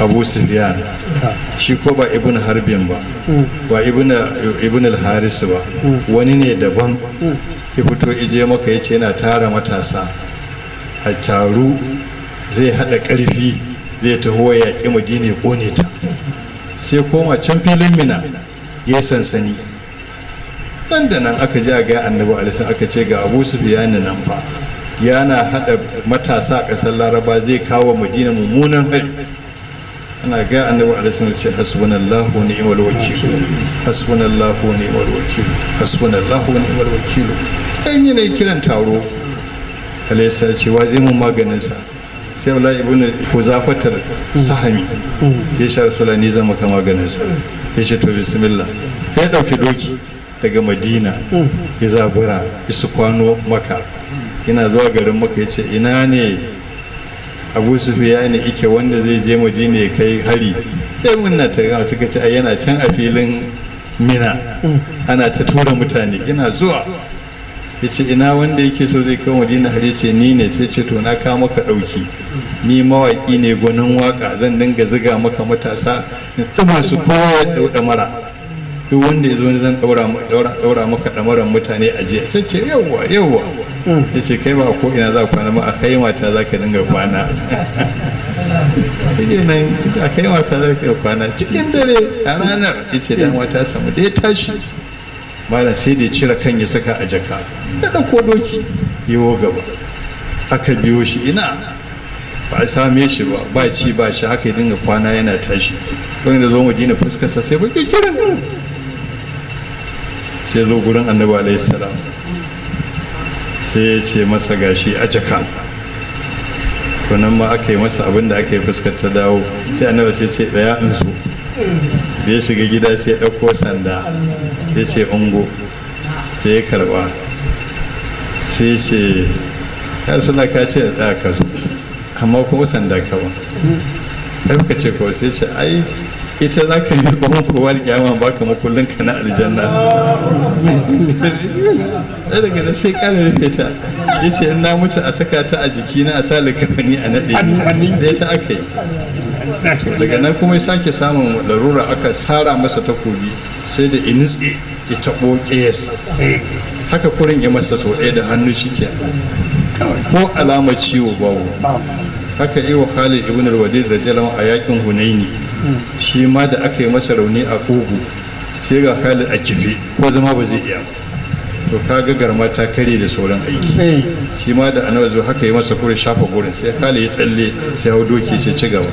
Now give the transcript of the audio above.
abu sufiyan shi ko ba ibn harbin ba hmm. ba ibn al-haris ba hmm. wani ne daban hmm. ya fito ije maka ya ce yana tara matasa a taru zai haɗa karfi zai taho ya yaƙi madina ya ƙone ta sai koma can filin mina ya sansani nan da nan aka ji a gaya annabi alisun aka ce ga abu ni nan fa yana haɗa matasa a ƙasar laraba zai kawo madina mummunan hari ana ga annabi alaihi sallam ce hasbunallahu wa ni'mal wakil hasbunallahu wa ni'mal wakil hasbunallahu wa ni'mal wakil dan yi ne kiran taro alaihi sallam ce wa zai mun maganin sa sai wallahi ibn zafatar sahami sai shi rasulullahi ni zan maka maganin sa ya ce to bismillah sai dauki doki daga madina ya zabura ya su kwano maka yana zuwa garin maka ya ce ina ne abu sufiyani ike wanda zai je madina ya kai hari sai muna ta gama suka ce yana can a filin mina ana ta tura mutane yana zuwa ya ce ina wanda yake so zai kawo madina hari ce ni ne sai ce to na ka maka ɗauki ni mawaƙi ne gwanin waka. zan dinga ziga maka matasa in su kowa ya ɗau duk wanda ya zo zan ɗaura maka ɗamarar mutane a jiya sai ce yawwa yawwa ya ce kai ba ko ina za kwana ba a kai mata za ka dinga kwana yake nan a kai mata za ka kwana cikin dare a ranar ya ce dan wata samu da ya tashi malam sai da ya cire kan ya saka a jaka ya ɗauko doki yiwo gaba aka biyo shi ina ba a same shi ba ba ci ba shi haka ya dinga kwana yana tashi don da zo madina fuskarsa sai ba kiran sai zo gurin annabi alaihi salam sai ya ce masa gashi a cika tunan nan ma aka yi masa abin da aka yi fuskar ta dawo sai annabi sai ce daya in su da ya shiga gida sai ya ɗauko sanda sai ce ungo sai ya karba sai ce ya suna ka ce da ka zo amma kuma sanda ka ba ɗauka ce ko sai ce ai ita za ka yi ban kowa da ba ka makullin ka na aljanna ɗaya daga nan sai ƙara rufe ta ya ce na mutu a saka ta a jiki na a sa likafani a naɗe ɗaya ta aka yi daga nan kuma ya sake samun larura aka sara masa takobi sai da initse ya taɓo ƙeyasa haka kurin ya masa sau ɗaya da hannu shi ke. ko alama ciwo babu haka iwa khalid ibn al da radiyallahu a yakin hunaini shi ma da aka yi masa rauni a kogo sai ga halin a kife ko zama ba zai iya to ka ga garma ta kare da sauran aiki eh. shi ma da annabi zo haka yi masa kure shafa gurin sai kala ya tsalle sai hau doki sai ci gaba